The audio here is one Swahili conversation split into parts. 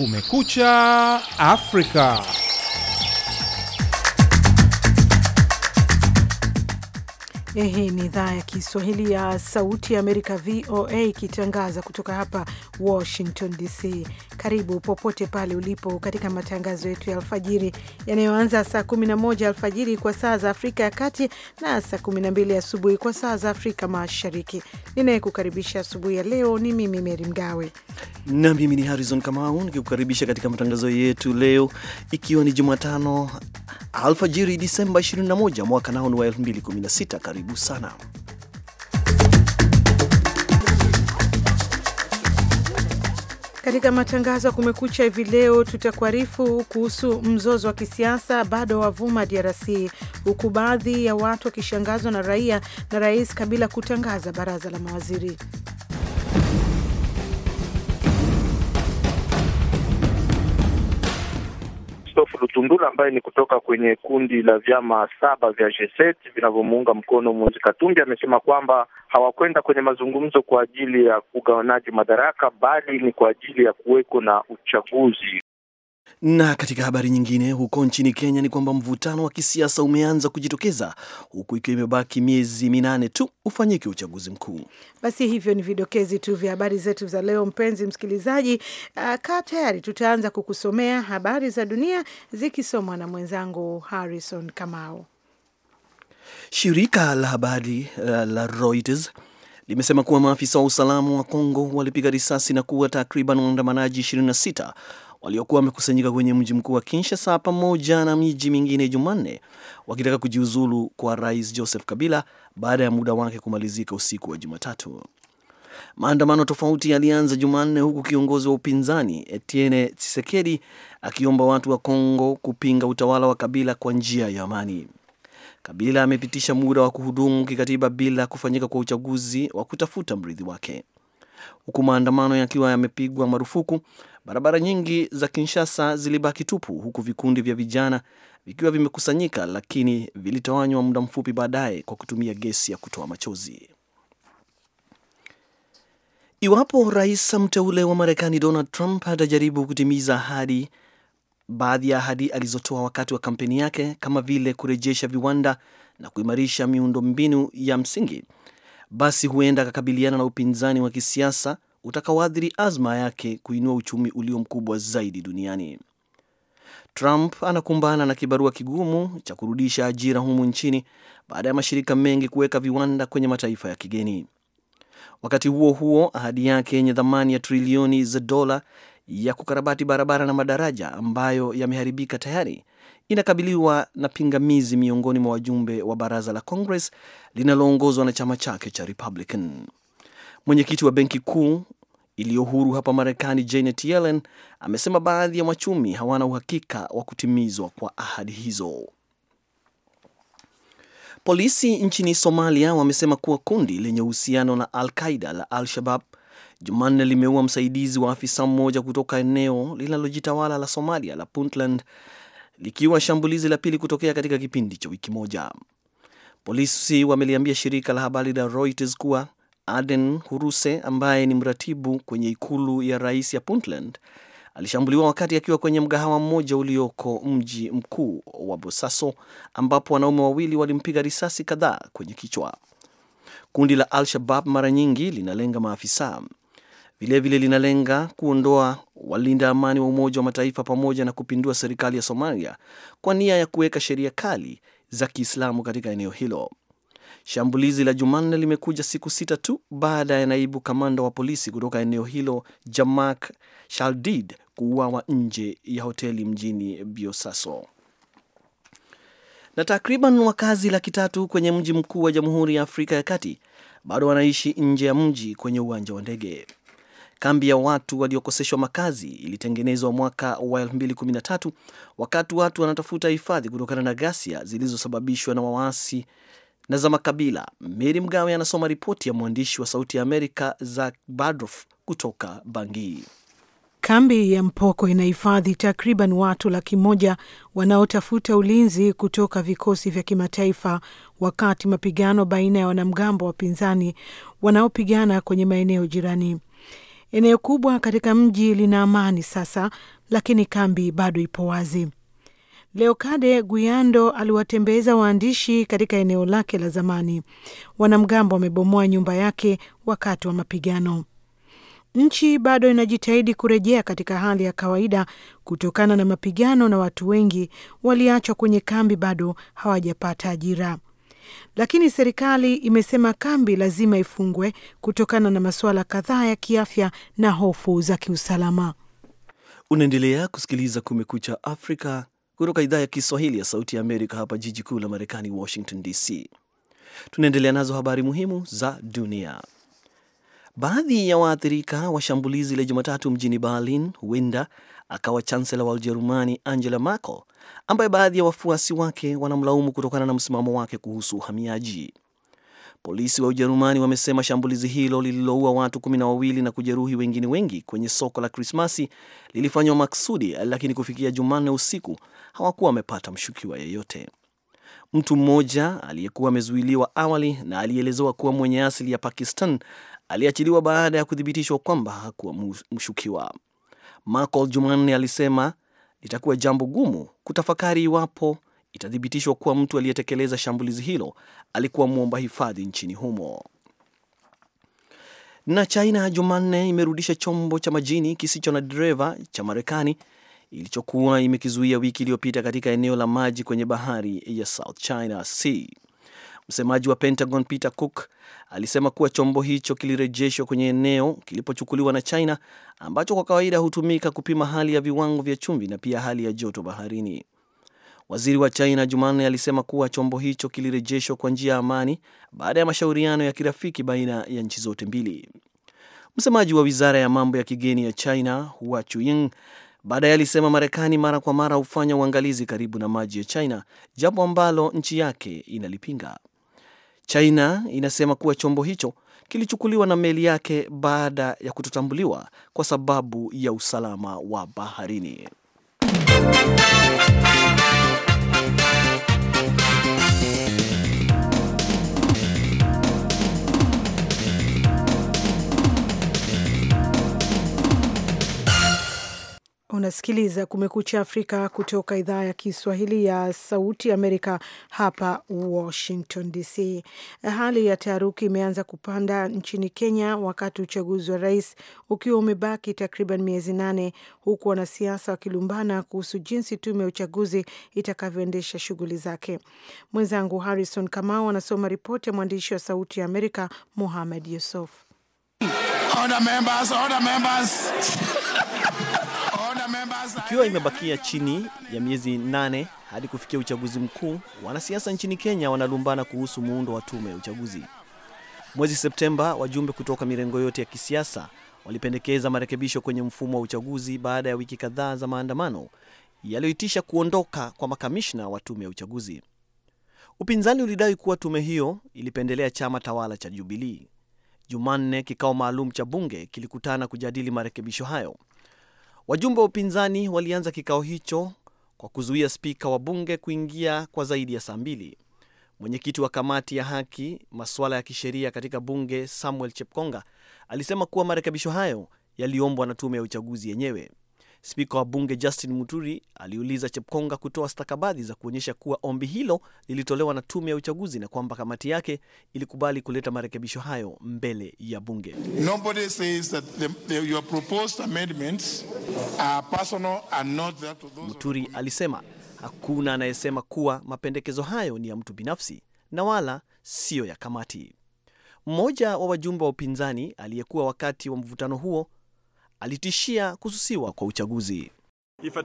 Kumekucha Afrika. Hii ni idhaa ya Kiswahili ya Sauti ya Amerika, VOA, ikitangaza kutoka hapa Washington DC. Karibu popote pale ulipo katika matangazo yetu ya alfajiri yanayoanza saa 11 alfajiri kwa saa za Afrika ya Kati na saa 12 asubuhi kwa saa za Afrika Mashariki. Ninayekukaribisha asubuhi ya leo ni mimi Meri Mgawe na mimi ni Harrison Kamau nikikukaribisha katika matangazo yetu leo, ikiwa ni Jumatano alfajiri Disemba 21 mwaka nao ni wa 2016 karibu sana. Katika matangazo ya Kumekucha hivi leo, tutakuarifu kuhusu mzozo wa kisiasa bado wavuma DRC, huku baadhi ya watu wakishangazwa na raia na Rais Kabila kutangaza baraza la mawaziri. Tundula ambaye ni kutoka kwenye kundi la vyama saba vya G7 vinavyomuunga mkono Moise Katumbi amesema kwamba hawakwenda kwenye mazungumzo kwa ajili ya kugawanaji madaraka, bali ni kwa ajili ya kuweko na uchaguzi na katika habari nyingine, huko nchini Kenya ni kwamba mvutano wa kisiasa umeanza kujitokeza huku ikiwa imebaki miezi minane tu ufanyike uchaguzi mkuu. Basi hivyo ni vidokezi tu vya habari zetu za leo, mpenzi msikilizaji. Uh, ah, kaa tayari, tutaanza kukusomea habari za dunia zikisomwa na mwenzangu Harrison Kamau. Shirika la habari uh, la Reuters limesema kuwa maafisa wa usalama wa Kongo walipiga risasi na kuua takriban waandamanaji 26 waliokuwa wamekusanyika kwenye mji mkuu wa Kinshasa pamoja na miji mingine Jumanne wakitaka kujiuzulu kwa rais Joseph Kabila baada ya muda wake kumalizika usiku wa Jumatatu. Maandamano tofauti yalianza Jumanne huku kiongozi wa upinzani Etienne Tshisekedi akiomba watu wa Kongo kupinga utawala wa Kabila kwa njia ya amani. Kabila amepitisha muda wa kuhudumu kikatiba bila kufanyika kwa uchaguzi wa kutafuta mrithi wake. Huku maandamano yakiwa yamepigwa marufuku, barabara nyingi za Kinshasa zilibaki tupu, huku vikundi vya vijana vikiwa vimekusanyika, lakini vilitawanywa muda mfupi baadaye kwa kutumia gesi ya kutoa machozi. Iwapo rais mteule wa Marekani Donald Trump atajaribu kutimiza ahadi baadhi ya ahadi alizotoa wakati wa kampeni yake kama vile kurejesha viwanda na kuimarisha miundo mbinu ya msingi, basi huenda akakabiliana na upinzani wa kisiasa utakaoathiri azma yake kuinua uchumi ulio mkubwa zaidi duniani. Trump anakumbana na kibarua kigumu cha kurudisha ajira humu nchini baada ya mashirika mengi kuweka viwanda kwenye mataifa ya kigeni. Wakati huo huo, ahadi yake yenye thamani ya trilioni za dola ya kukarabati barabara na madaraja ambayo yameharibika tayari inakabiliwa na pingamizi miongoni mwa wajumbe wa baraza la Congress linaloongozwa na chama chake cha Republican. Mwenyekiti wa benki kuu iliyo huru hapa Marekani, Janet Yellen amesema baadhi ya wachumi hawana uhakika wa kutimizwa kwa ahadi hizo. Polisi nchini Somalia wamesema kuwa kundi lenye uhusiano na Al Qaida la Al Shabab Jumanne limeua msaidizi wa afisa mmoja kutoka eneo linalojitawala la Somalia la Puntland likiwa shambulizi la pili kutokea katika kipindi cha wiki moja. Polisi wameliambia shirika la habari la Reuters kuwa Aden Huruse ambaye ni mratibu kwenye ikulu ya rais ya Puntland alishambuliwa wakati akiwa kwenye mgahawa mmoja ulioko mji mkuu wa Bosaso ambapo wanaume wawili walimpiga risasi kadhaa kwenye kichwa. Kundi la Al-Shabab mara nyingi linalenga maafisa vilevile linalenga kuondoa walinda amani wa Umoja wa Mataifa pamoja na kupindua serikali ya Somalia kwa nia ya kuweka sheria kali za Kiislamu katika eneo hilo. Shambulizi la Jumanne limekuja siku sita tu baada ya naibu kamanda wa polisi kutoka eneo hilo Jamak Shaldid kuuawa nje ya hoteli mjini Biosaso. Na takriban wakazi laki tatu kwenye mji mkuu wa Jamhuri ya Afrika ya Kati bado wanaishi nje ya mji kwenye uwanja wa ndege. Kambi ya watu waliokoseshwa makazi ilitengenezwa mwaka wa 2013 wakati watu wanatafuta hifadhi kutokana na ghasia zilizosababishwa na waasi na za makabila. Meri Mgawe anasoma ripoti ya mwandishi wa Sauti ya Amerika Zak Badrof kutoka Bangui. Kambi ya Mpoko inahifadhi takriban watu laki moja wanaotafuta ulinzi kutoka vikosi vya kimataifa wakati mapigano baina ya wanamgambo wapinzani wanaopigana kwenye maeneo jirani. Eneo kubwa katika mji lina amani sasa, lakini kambi bado ipo wazi. Leokade Guyando aliwatembeza waandishi katika eneo lake la zamani. Wanamgambo wamebomoa nyumba yake wakati wa mapigano. Nchi bado inajitahidi kurejea katika hali ya kawaida kutokana na mapigano, na watu wengi waliachwa kwenye kambi bado hawajapata ajira lakini serikali imesema kambi lazima ifungwe kutokana na masuala kadhaa ya kiafya na hofu za kiusalama. Unaendelea kusikiliza Kumekucha Afrika kutoka idhaa ya Kiswahili ya Sauti ya Amerika, hapa jiji kuu la Marekani, Washington DC. Tunaendelea nazo habari muhimu za dunia. Baadhi ya waathirika wa shambulizi la Jumatatu mjini Berlin huenda akawa chansela wa Ujerumani Angela Merkel, ambaye baadhi ya wafuasi wake wanamlaumu kutokana na msimamo wake kuhusu uhamiaji. Polisi wa Ujerumani wamesema shambulizi hilo lililoua watu kumi na wawili na kujeruhi wengine wengi kwenye soko la Krismasi lilifanywa maksudi, lakini kufikia Jumanne usiku hawakuwa wamepata mshukiwa yeyote. Mtu mmoja aliyekuwa amezuiliwa awali na aliyeelezewa kuwa mwenye asili ya Pakistan aliachiliwa baada ya kuthibitishwa kwamba hakuwa mshukiwa. Merkel Jumanne alisema litakuwa jambo gumu kutafakari iwapo itathibitishwa kuwa mtu aliyetekeleza shambulizi hilo alikuwa mwomba hifadhi nchini humo. Na China Jumanne imerudisha chombo cha majini kisicho na dereva cha Marekani ilichokuwa imekizuia wiki iliyopita katika eneo la maji kwenye bahari ya South China Sea. Msemaji wa Pentagon Peter Cook alisema kuwa chombo hicho kilirejeshwa kwenye eneo kilipochukuliwa na China ambacho kwa kawaida hutumika kupima hali ya viwango vya chumvi na pia hali ya joto baharini. Waziri wa China Jumanne alisema kuwa chombo hicho kilirejeshwa kwa njia ya amani baada ya mashauriano ya kirafiki baina ya nchi zote mbili. Msemaji wa wizara ya mambo ya kigeni ya China Hua Chuying baadaye alisema Marekani mara kwa mara hufanya uangalizi karibu na maji ya China, jambo ambalo nchi yake inalipinga. China inasema kuwa chombo hicho kilichukuliwa na meli yake baada ya kutotambuliwa kwa sababu ya usalama wa baharini. Unasikiliza Kumekucha Afrika kutoka idhaa ya Kiswahili ya Sauti Amerika hapa Washington DC. Hali ya taharuki imeanza kupanda nchini Kenya wakati uchaguzi wa rais ukiwa umebaki takriban miezi nane, huku wanasiasa wakilumbana kuhusu jinsi tume ya uchaguzi itakavyoendesha shughuli zake. Mwenzangu Harrison Kamau anasoma ripoti ya mwandishi wa Sauti ya Amerika muhamed Yusuf. Order members, order members. Ikiwa imebakia chini ya miezi nane hadi kufikia uchaguzi mkuu, wanasiasa nchini Kenya wanalumbana kuhusu muundo wa tume ya uchaguzi. Mwezi Septemba, wajumbe kutoka mirengo yote ya kisiasa walipendekeza marekebisho kwenye mfumo wa uchaguzi baada ya wiki kadhaa za maandamano yaliyoitisha kuondoka kwa makamishna wa tume ya uchaguzi. Upinzani ulidai kuwa tume hiyo ilipendelea chama tawala cha Jubilii. Jumanne, kikao maalum cha bunge kilikutana kujadili marekebisho hayo. Wajumbe wa upinzani walianza kikao hicho kwa kuzuia spika wa bunge kuingia kwa zaidi ya saa mbili. Mwenyekiti wa kamati ya haki masuala ya kisheria katika bunge Samuel Chepkonga alisema kuwa marekebisho hayo yaliombwa na tume ya uchaguzi yenyewe. Spika wa bunge Justin Muturi aliuliza Chepkonga kutoa stakabadhi za kuonyesha kuwa ombi hilo lilitolewa na tume ya uchaguzi na kwamba kamati yake ilikubali kuleta marekebisho hayo mbele ya bunge. Muturi alisema hakuna anayesema kuwa mapendekezo hayo ni ya mtu binafsi na wala siyo ya kamati. Mmoja wa wajumbe wa upinzani aliyekuwa wakati wa mvutano huo alitishia kususiwa kwa uchaguzi. Uh,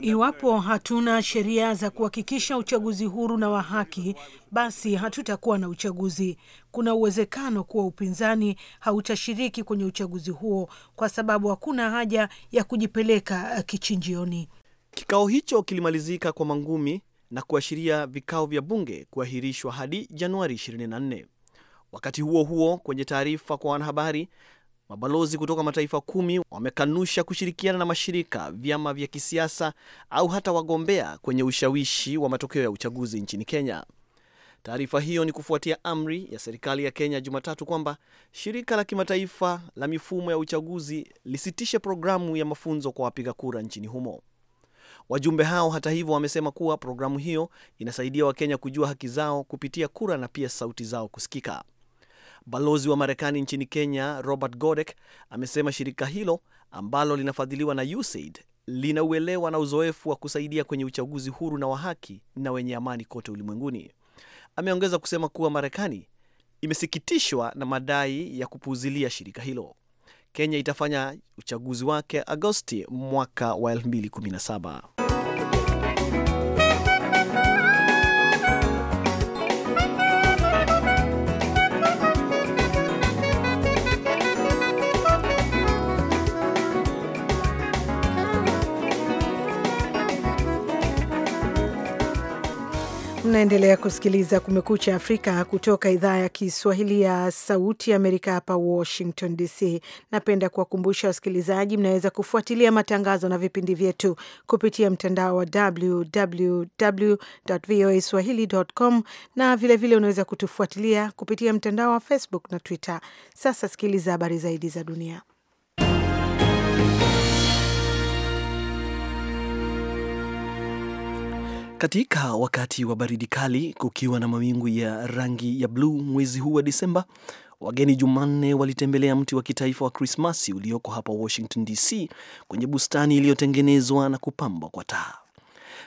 Iwapo hatuna sheria za kuhakikisha uchaguzi huru na wa haki, basi hatutakuwa na uchaguzi. Kuna uwezekano kuwa upinzani hautashiriki kwenye uchaguzi huo kwa sababu hakuna haja ya kujipeleka uh, kichinjioni. Kikao hicho kilimalizika kwa mangumi na kuashiria vikao vya bunge kuahirishwa hadi Januari 24. Wakati huo huo, kwenye taarifa kwa wanahabari, mabalozi kutoka mataifa kumi wamekanusha kushirikiana na mashirika, vyama vya kisiasa au hata wagombea kwenye ushawishi wa matokeo ya uchaguzi nchini Kenya. Taarifa hiyo ni kufuatia amri ya serikali ya Kenya Jumatatu kwamba shirika la kimataifa la mifumo ya uchaguzi lisitishe programu ya mafunzo kwa wapiga kura nchini humo. Wajumbe hao hata hivyo wamesema kuwa programu hiyo inasaidia Wakenya kujua haki zao kupitia kura na pia sauti zao kusikika. Balozi wa Marekani nchini Kenya Robert Godek amesema shirika hilo ambalo linafadhiliwa na USAID lina uelewa na uzoefu wa kusaidia kwenye uchaguzi huru na wa haki na wenye amani kote ulimwenguni. Ameongeza kusema kuwa Marekani imesikitishwa na madai ya kupuuzilia shirika hilo. Kenya itafanya uchaguzi wake Agosti mwaka wa 2017. Mnaendelea kusikiliza Kumekucha Afrika kutoka idhaa ya Kiswahili ya Sauti Amerika, hapa Washington DC. Napenda kuwakumbusha wasikilizaji, mnaweza kufuatilia matangazo na vipindi vyetu kupitia mtandao wa www voa swahilicom, na vilevile unaweza kutufuatilia kupitia mtandao wa Facebook na Twitter. Sasa sikiliza habari zaidi za dunia. Katika wakati wa baridi kali kukiwa na mawingu ya rangi ya bluu mwezi huu wa Disemba, wageni Jumanne walitembelea mti wa kitaifa wa Krismasi ulioko hapa Washington DC kwenye bustani iliyotengenezwa na kupambwa kwa taa.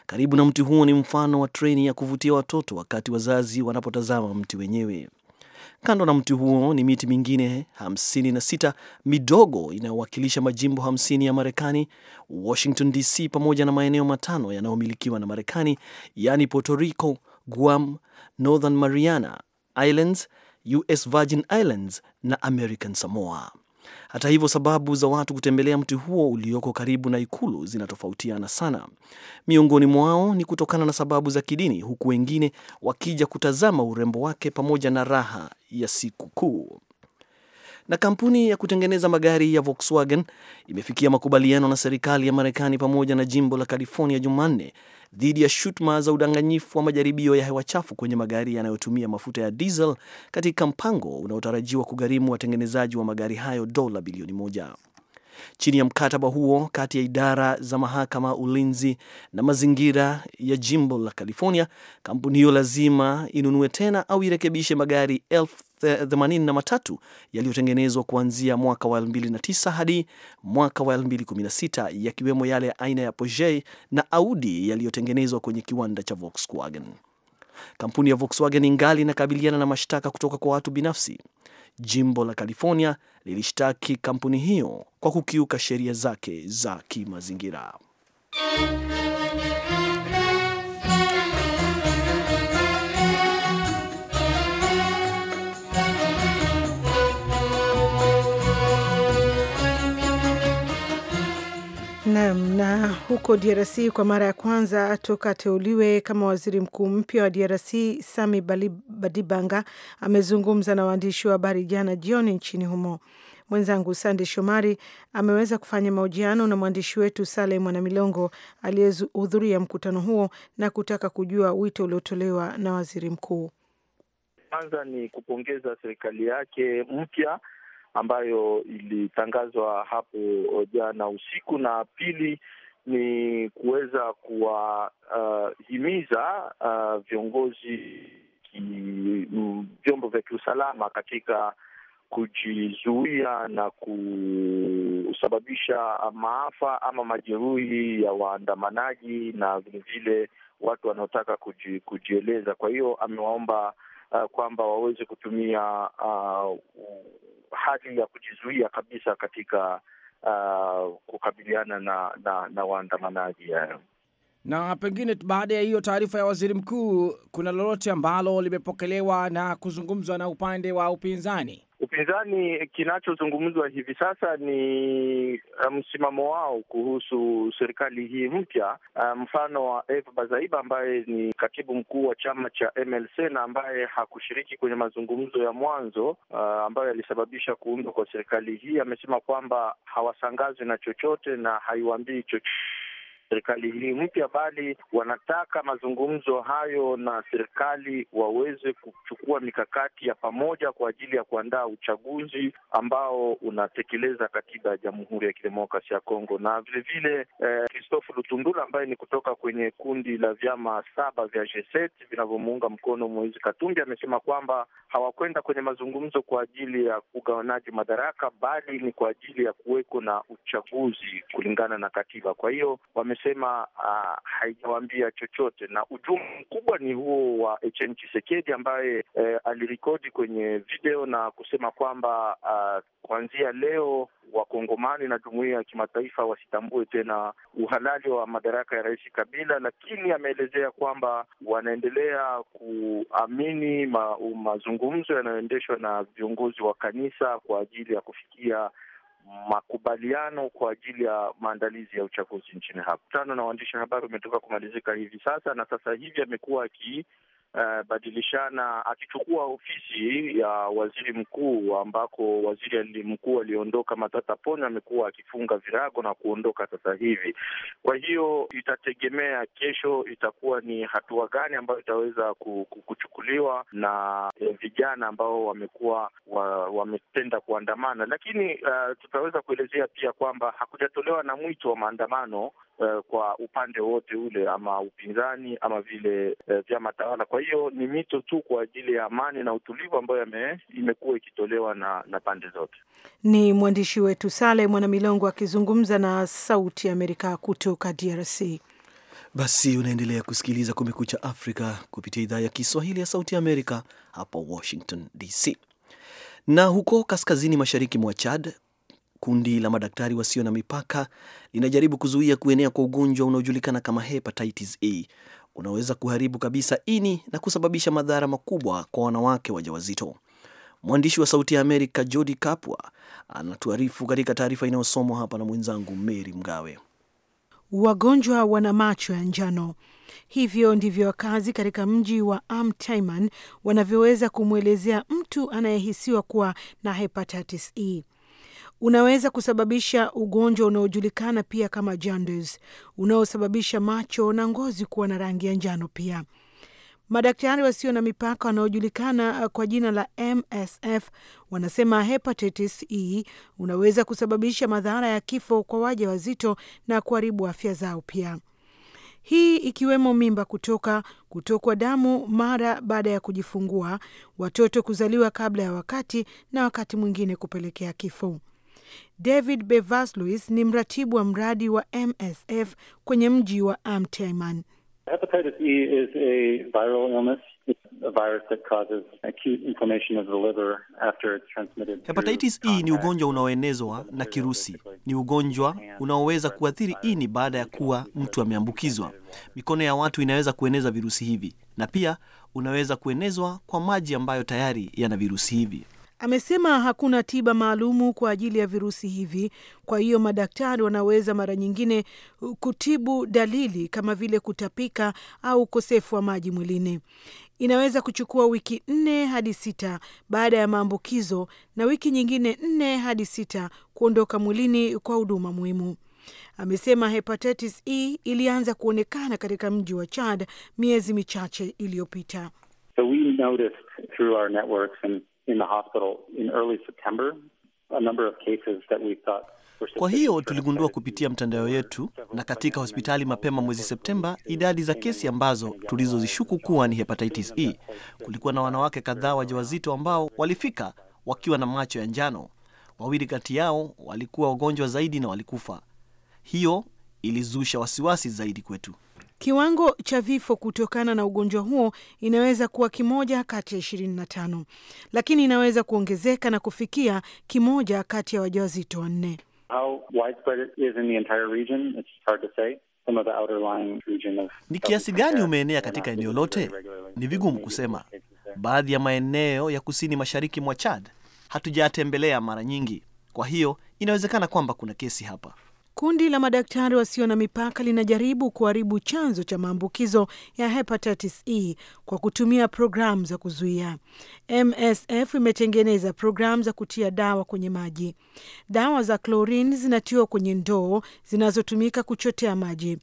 Karibu na mti huo ni mfano wa treni ya kuvutia watoto wakati wazazi wanapotazama mti wenyewe. Kando na mti huo ni miti mingine 56 midogo inayowakilisha majimbo 50 ya Marekani, Washington DC pamoja na maeneo matano yanayomilikiwa na Marekani, yaani Puerto Rico, Guam, Northern Mariana Islands, US Virgin Islands na American Samoa. Hata hivyo, sababu za watu kutembelea mti huo ulioko karibu na ikulu zinatofautiana sana. Miongoni mwao ni kutokana na sababu za kidini, huku wengine wakija kutazama urembo wake pamoja na raha ya siku kuu na kampuni ya kutengeneza magari ya Volkswagen imefikia makubaliano na serikali ya Marekani pamoja na jimbo la California Jumanne dhidi ya shutuma za udanganyifu wa majaribio ya hewa chafu kwenye magari yanayotumia mafuta ya diesel katika mpango unaotarajiwa kugharimu watengenezaji wa magari hayo dola bilioni moja. Chini ya mkataba huo kati ya idara za mahakama, ulinzi na mazingira ya jimbo la California, kampuni hiyo lazima inunue tena au irekebishe magari elfu 83 yaliyotengenezwa kuanzia mwaka wa 2009 hadi mwaka wa 2016 yakiwemo yale aina ya Porsche na Audi yaliyotengenezwa kwenye kiwanda cha Volkswagen. Kampuni ya Volkswagen ingali inakabiliana na mashtaka kutoka kwa watu binafsi. Jimbo la California lilishtaki kampuni hiyo kwa kukiuka sheria zake za kimazingira. Naam. Na huko DRC kwa mara ya kwanza toka ateuliwe kama waziri mkuu mpya wa DRC, Sami Badibanga amezungumza na waandishi wa habari jana jioni nchini humo. Mwenzangu Sande Shomari ameweza kufanya mahojiano na mwandishi wetu Sale Mwanamilongo aliyehudhuria mkutano huo na kutaka kujua wito uliotolewa na waziri mkuu. Kwanza ni kupongeza serikali yake mpya ambayo ilitangazwa hapo jana usiku, na pili ni kuweza kuwahimiza uh, uh, viongozi vyombo vya kiusalama katika kujizuia na kusababisha maafa ama majeruhi ya waandamanaji na vilevile watu wanaotaka kuji, kujieleza. Kwa hiyo amewaomba uh, kwamba waweze kutumia uh, hali ya kujizuia kabisa katika uh, kukabiliana na na, na waandamanaji hayo. Na pengine baada ya hiyo taarifa ya waziri mkuu, kuna lolote ambalo limepokelewa na kuzungumzwa na upande wa upinzani? Upinzani kinachozungumzwa hivi sasa ni uh, msimamo um, wao kuhusu serikali hii mpya. Uh, mfano um, wa Eva Bazaiba ambaye ni katibu mkuu wa chama cha MLC na ambaye hakushiriki kwenye mazungumzo ya mwanzo uh, ambayo yalisababisha kuundwa kwa serikali hii, amesema kwamba hawasangazwi na chochote na haiwaambii chochote serikali hii mpya, bali wanataka mazungumzo hayo na serikali waweze kuchukua mikakati ya pamoja kwa ajili ya kuandaa uchaguzi ambao unatekeleza katiba ya Jamhuri ya Kidemokrasia ya Kongo. Na vilevile eh, Christophe eh, Lutundula ambaye ni kutoka kwenye kundi la vyama saba vya G7 vinavyomuunga mkono Moise Katumbi amesema kwamba hawakwenda kwenye mazungumzo kwa ajili ya ugawanaji madaraka, bali ni kwa ajili ya kuweko na uchaguzi kulingana na katiba. Kwa hiyo wame amesema uh, ah, haijawaambia chochote, na ujumbe mkubwa ni huo wa HN Chisekedi ambaye eh, alirikodi kwenye video na kusema kwamba uh, kuanzia leo Wakongomani na jumuiya ya kimataifa wasitambue tena uhalali wa madaraka ya Rais Kabila, lakini ameelezea kwamba wanaendelea kuamini ma, mazungumzo yanayoendeshwa na viongozi wa kanisa kwa ajili ya kufikia makubaliano kwa ajili ya maandalizi ya uchaguzi nchini hapo. Mkutano na waandishi habari umetoka kumalizika hivi sasa, na sasa hivi amekuwa aki Eh, badilishana akichukua ofisi ya waziri mkuu, ambako waziri mkuu aliondoka Matata Ponyo amekuwa akifunga virago na kuondoka sasa hivi. Kwa hiyo itategemea kesho itakuwa ni hatua gani ambayo itaweza kuchukuliwa na eh, vijana ambao wamekuwa wametenda wa kuandamana, lakini uh, tutaweza kuelezea pia kwamba hakujatolewa na mwito wa maandamano uh, kwa upande wote ule, ama upinzani ama vile eh, vyama tawala. Kwa hiyo ni mito tu kwa ajili ya amani na utulivu ambayo imekuwa ikitolewa na, na pande zote. Ni mwandishi wetu Sale Mwanamilongo akizungumza na Sauti ya Amerika kutoka DRC. Basi unaendelea kusikiliza Kumekucha Afrika kupitia idhaa ya Kiswahili ya Sauti ya Amerika hapa Washington DC. Na huko kaskazini mashariki mwa Chad Kundi la madaktari wasio na mipaka linajaribu kuzuia kuenea kwa ugonjwa unaojulikana kama hepatitis A e. unaweza kuharibu kabisa ini na kusababisha madhara makubwa kwa wanawake wajawazito. Mwandishi wa Sauti ya Amerika Jodi Kapwa anatuarifu katika taarifa inayosomwa hapa na mwenzangu Meri Mgawe. Wagonjwa wana macho ya njano. Hivyo ndivyo wakazi katika mji wa Amtaiman wanavyoweza kumwelezea mtu anayehisiwa kuwa na hepatitis E unaweza kusababisha ugonjwa unaojulikana pia kama jaundice unaosababisha macho na ngozi kuwa na rangi ya njano pia. Madaktari wasio na mipaka wanaojulikana uh, kwa jina la MSF wanasema hepatitis E unaweza kusababisha madhara ya kifo kwa waja wazito na kuharibu afya zao pia, hii ikiwemo mimba kutoka, kutokwa damu mara baada ya kujifungua, watoto kuzaliwa kabla ya wakati na wakati mwingine kupelekea kifo. David bevaslois ni mratibu wa mradi wa MSF kwenye mji wa Amtaiman. Hepatitis e Hepatitis E ni ugonjwa unaoenezwa na kirusi. Ni ugonjwa unaoweza kuathiri ini e baada ya kuwa mtu ameambukizwa. Mikono ya watu inaweza kueneza virusi hivi, na pia unaweza kuenezwa kwa maji ambayo tayari yana virusi hivi. Amesema hakuna tiba maalumu kwa ajili ya virusi hivi, kwa hiyo madaktari wanaweza mara nyingine kutibu dalili kama vile kutapika au ukosefu wa maji mwilini. Inaweza kuchukua wiki nne hadi sita baada ya maambukizo na wiki nyingine nne hadi sita kuondoka mwilini kwa huduma muhimu. Amesema hepatitis E ilianza kuonekana katika mji wa Chad miezi michache iliyopita. So in the hospital in early September, a number of cases that we thought kwa hiyo tuligundua kupitia mtandao yetu na katika hospitali mapema mwezi Septemba idadi za kesi ambazo tulizozishuku kuwa ni hepatitis E. Kulikuwa na wanawake kadhaa wajawazito ambao walifika wakiwa na macho ya njano. Wawili kati yao walikuwa wagonjwa zaidi na walikufa. Hiyo ilizusha wasiwasi zaidi kwetu. Kiwango cha vifo kutokana na ugonjwa huo inaweza kuwa kimoja kati ya ishirini na tano, lakini inaweza kuongezeka na kufikia kimoja kati ya wajawazito wanne. Ni kiasi gani umeenea katika eneo lote? Ni vigumu kusema. Baadhi ya maeneo ya kusini mashariki mwa Chad hatujatembelea mara nyingi, kwa hiyo inawezekana kwamba kuna kesi hapa. Kundi la madaktari wasio na mipaka linajaribu kuharibu chanzo cha maambukizo ya hepatitis E kwa kutumia programu za kuzuia. MSF imetengeneza programu za kutia dawa kwenye maji. Dawa za klorini zinatiwa kwenye ndoo zinazotumika kuchotea maji.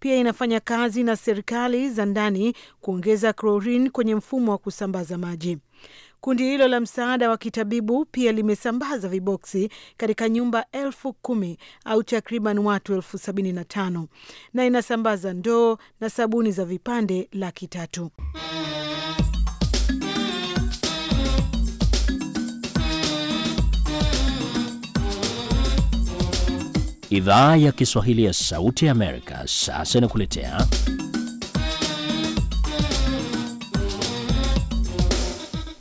Pia inafanya kazi na serikali za ndani kuongeza klorini kwenye mfumo wa kusambaza maji. Kundi hilo la msaada wa kitabibu pia limesambaza viboksi katika nyumba elfu kumi au takriban watu elfu sabini na tano na inasambaza ndoo na sabuni za vipande laki tatu. Idhaa ya Kiswahili ya Sauti ya Amerika sasa inakuletea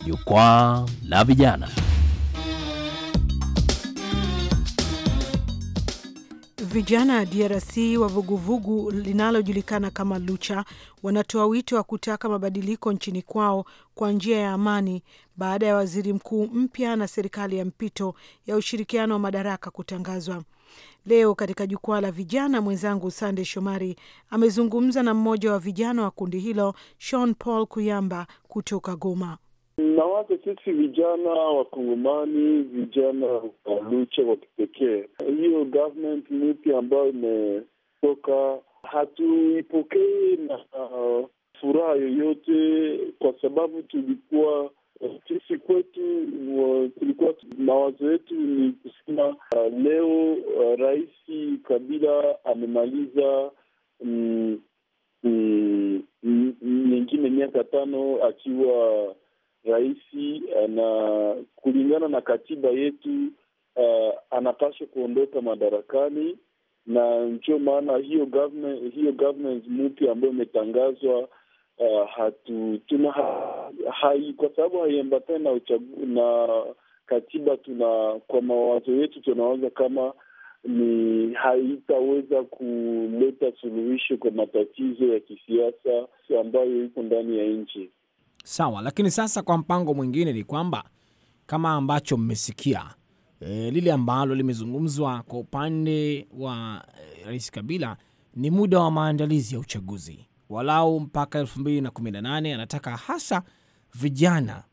jukwaa la vijana. Vijana DRC wa vuguvugu linalojulikana kama Lucha wanatoa wito wa kutaka mabadiliko nchini kwao kwa njia ya amani baada ya waziri mkuu mpya na serikali ya mpito ya ushirikiano wa madaraka kutangazwa. Leo katika jukwaa la vijana, mwenzangu Sande Shomari amezungumza na mmoja wa vijana wa kundi hilo, Sean Paul Kuyamba kutoka Goma. Nawaza sisi vijana Wakongomani, vijana wa Lucha wa kipekee, hiyo government mpya ambayo imetoka hatuipokei na uh, furaha yoyote, kwa sababu tulikuwa uh, sisi kwetu uh, tulikuwa mawazo yetu ni kusema uh, leo uh, Rais Kabila amemaliza mm, mm, mm, mm nyingine miaka tano akiwa rais ana eh, kulingana na katiba yetu uh, anapaswa kuondoka madarakani, na ndio maana hiyo government, hiyo government mpya ambayo imetangazwa uh, hatu tuna ha, hai kwa sababu haiambatani na uchagu, na katiba tuna kwa mawazo yetu tunawaza kama ni haitaweza kuleta suluhisho kwa matatizo ya kisiasa ambayo iko ndani ya nchi. Sawa, lakini sasa kwa mpango mwingine ni kwamba kama ambacho mmesikia e, lile ambalo limezungumzwa kwa upande wa e, Rais Kabila ni muda wa maandalizi ya uchaguzi walau mpaka 2018 anataka hasa vijana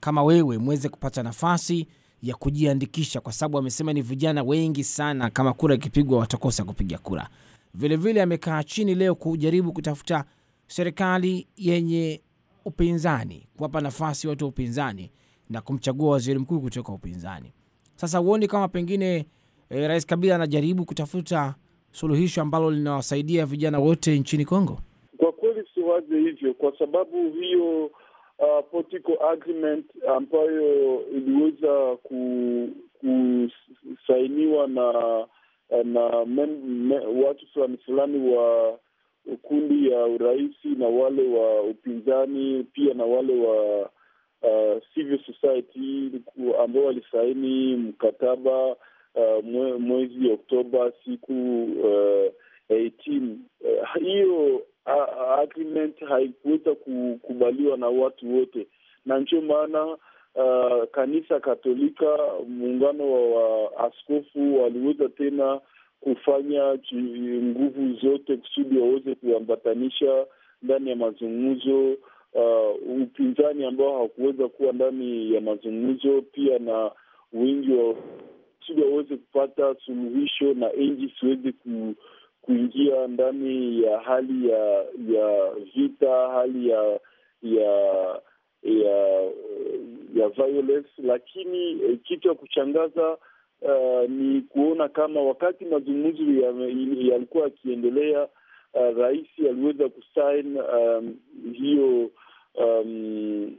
kama wewe mweze kupata nafasi ya kujiandikisha, kwa sababu amesema ni vijana wengi sana, kama kura ikipigwa watakosa kupiga kura. Vilevile amekaa chini leo kujaribu kutafuta serikali yenye upinzani, kuwapa nafasi watu wa upinzani na kumchagua waziri mkuu kutoka upinzani. Sasa huoni kama pengine e, Rais Kabila anajaribu kutafuta suluhisho ambalo linawasaidia vijana wote nchini Kongo? Kwa kweli waze hivyo, kwa sababu hiyo uh, political agreement ambayo iliweza kusainiwa na na men, men, watu fulani fulani wa kundi ya urahisi na wale wa upinzani pia na wale wa uh, civil society ambao walisaini mkataba uh, mwe, mwezi Oktoba siku uh, 18 uh, hiyo uh, agreement haikuweza kukubaliwa na watu wote, na ndio maana uh, kanisa Katolika, muungano wa, wa askofu waliweza tena kufanya nguvu zote kusudi waweze kuambatanisha ndani ya mazungumzo uh, upinzani ambao hakuweza kuwa ndani ya mazungumzo pia na wingi wa kusudi waweze kupata suluhisho na nji siweze ku, kuingia ndani ya hali ya ya vita, hali ya ya ya ya violence. Lakini eh, kitu ya kuchangaza uh, ni kuona kama wakati mazungumzo yalikuwa ya yakiendelea, uh, rais aliweza kusain um, hiyo um,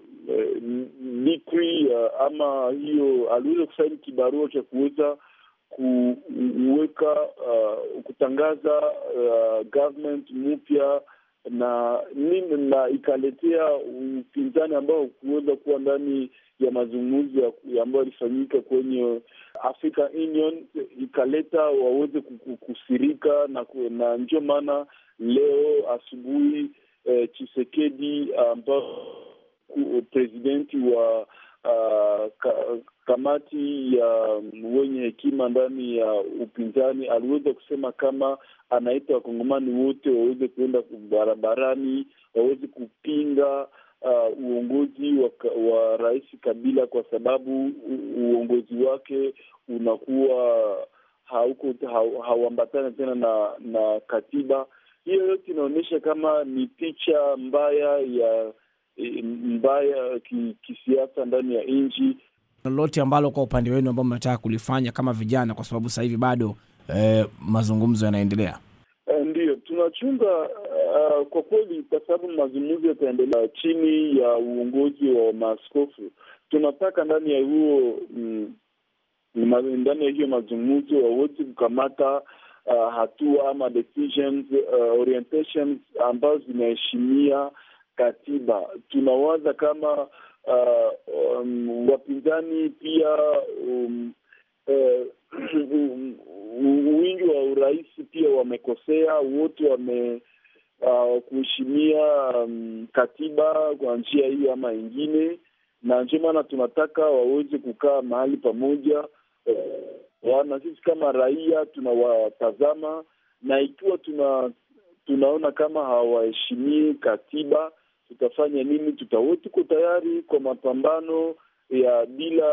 mikri uh, uh, ama hiyo aliweza kusain kibarua cha kuweza kuweka uh, kutangaza uh, government mpya na na ikaletea upinzani ambao kuweza kuwa ndani ya mazungumzo ambayo yalifanyika kwenye Africa Union, ikaleta waweze kusirika na, na ndio maana leo asubuhi eh, Chisekedi ambao presidenti wa uh, kamati ya wenye hekima ndani ya upinzani aliweza kusema kama anaita wakongomani wote waweze kuenda barabarani, waweze kupinga uh, uongozi wa, wa Rais Kabila kwa sababu uongozi wake unakuwa hauko hauambatana tena na na katiba. Hiyo yote inaonyesha kama ni picha mbaya ya eh, mbaya kisiasa ki ndani ya nchi lolote ambalo kwa upande wenu ambao mnataka kulifanya kama vijana, kwa sababu sasa hivi bado eh, mazungumzo yanaendelea? Eh, Ndiyo, tunachunga uh, kwa kweli, kwa sababu mazungumzo yataendelea chini ya uongozi wa maaskofu. Tunataka ndani ya huo mm, ndani ya hiyo mazungumzo wawezi kukamata uh, hatua ama decisions, uh, orientations ambazo zinaheshimia katiba. Tunawaza kama uh, um, wapinzani pia um, uh, wingi wa urais pia wamekosea, wote wame uh, kuheshimia um, katiba kwa njia hii ama ingine, na ndio maana tunataka waweze kukaa mahali pamoja uh, na sisi kama raia tunawatazama, na ikiwa tuna tunaona kama hawaheshimii katiba tutafanya nini, tutawe tuko tayari kwa mapambano ya bila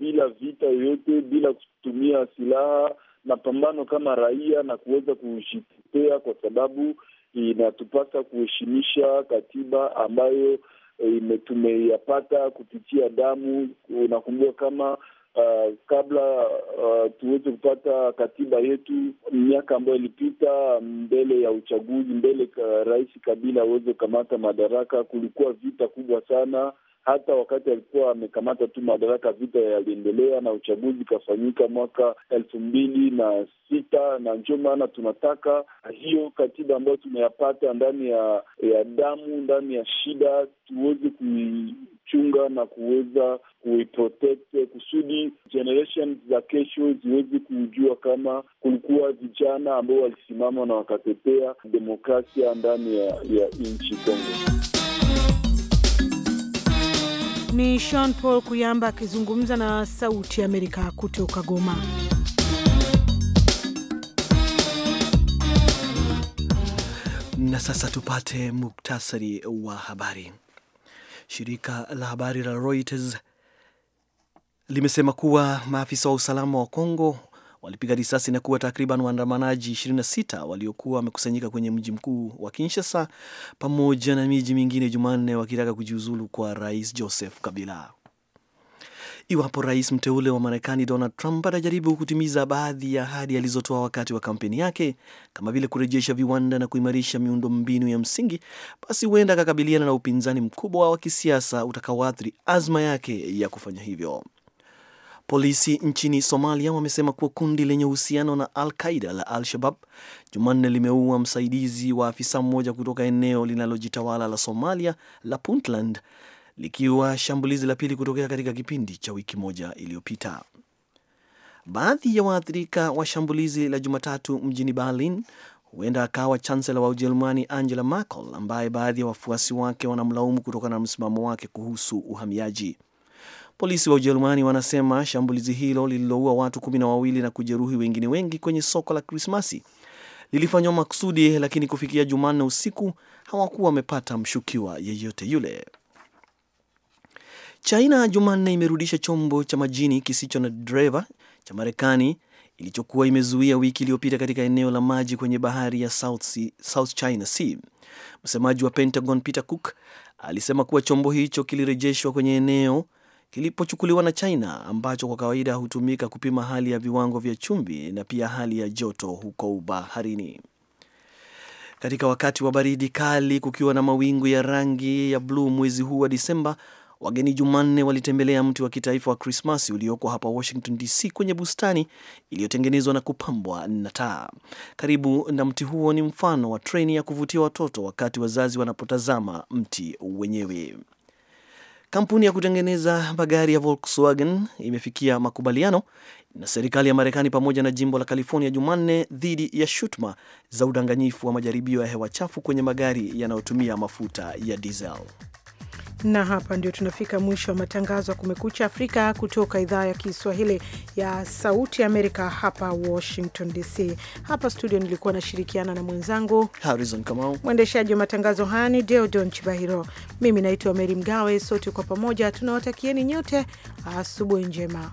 bila vita yoyote, bila kutumia silaha, mapambano kama raia na kuweza kujitetea, kwa sababu inatupasa kuheshimisha katiba ambayo eh, tumeyapata kupitia damu. Unakumbuka kama uh, kabla uh, tuweze kupata katiba yetu miaka ambayo ilipita mbele ya uchaguzi, mbele ka rais Kabila aweze kukamata madaraka, kulikuwa vita kubwa sana hata wakati alikuwa amekamata tu madaraka, vita yaliendelea na uchaguzi ikafanyika mwaka elfu mbili na sita na ndio maana tunataka hiyo katiba ambayo tumeyapata ndani ya, ya damu ndani ya shida tuweze kuichunga na kuweza kuiprotect kusudi generation za kesho ziweze kujua kama kulikuwa vijana ambao walisimama na wakatetea demokrasia ndani ya, ya nchi Kongo. Ni Sean Paul Kuyamba akizungumza na Sauti ya Amerika kutoka Goma. Na sasa tupate muktasari wa habari. Shirika la habari la Reuters limesema kuwa maafisa wa usalama wa Kongo walipiga risasi na kuwa takriban waandamanaji 26 waliokuwa wamekusanyika kwenye mji mkuu wa Kinshasa pamoja na miji mingine Jumanne wakitaka kujiuzulu kwa rais Joseph Kabila. Iwapo rais mteule wa Marekani Donald Trump atajaribu kutimiza baadhi ya ahadi alizotoa wakati wa kampeni yake kama vile kurejesha viwanda na kuimarisha miundo mbinu ya msingi, basi huenda akakabiliana na upinzani mkubwa wa kisiasa utakaoathiri azma yake ya kufanya hivyo. Polisi nchini Somalia wamesema kuwa kundi lenye uhusiano na Al Qaida la Al-Shabab Jumanne limeua msaidizi wa afisa mmoja kutoka eneo linalojitawala la Somalia la Puntland, likiwa shambulizi la pili kutokea katika kipindi cha wiki moja iliyopita. Baadhi ya waathirika wa shambulizi la Jumatatu mjini Berlin huenda akawa chansela wa Ujerumani Angela Merkel, ambaye baadhi ya wafuasi wake wanamlaumu kutokana na msimamo wake kuhusu uhamiaji. Polisi wa Ujerumani wanasema shambulizi hilo lililoua watu kumi na wawili na kujeruhi wengine wengi kwenye soko la Krismasi lilifanywa makusudi, lakini kufikia Jumanne usiku hawakuwa wamepata mshukiwa yeyote yule. China Jumanne imerudisha chombo cha majini kisicho na dreva cha Marekani ilichokuwa imezuia wiki iliyopita katika eneo la maji kwenye bahari ya South, sea, South China Sea. Msemaji wa Pentagon Peter Cook alisema kuwa chombo hicho kilirejeshwa kwenye eneo kilipochukuliwa na China ambacho kwa kawaida hutumika kupima hali ya viwango vya chumvi na pia hali ya joto huko baharini. Katika wakati wa baridi kali kukiwa na mawingu ya rangi ya bluu mwezi huu wa Disemba, wageni Jumanne walitembelea mti wa kitaifa wa Krismasi ulioko hapa Washington DC kwenye bustani iliyotengenezwa na kupambwa na taa. Karibu na mti huo ni mfano wa treni ya kuvutia watoto wakati wazazi wanapotazama mti wenyewe. Kampuni ya kutengeneza magari ya Volkswagen imefikia makubaliano na serikali ya Marekani pamoja na jimbo la California Jumanne dhidi ya shutuma za udanganyifu wa majaribio ya hewa chafu kwenye magari yanayotumia mafuta ya diesel na hapa ndio tunafika mwisho wa matangazo ya Kumekucha Afrika kutoka idhaa ya Kiswahili ya Sauti ya Amerika, hapa Washington DC. Hapa studio nilikuwa nashirikiana na mwenzangu Harrison Kamau, mwendeshaji wa matangazo haya ni Deodon Chibahiro, mimi naitwa Meri Mgawe. Sote kwa pamoja tunawatakieni nyote asubuhi njema.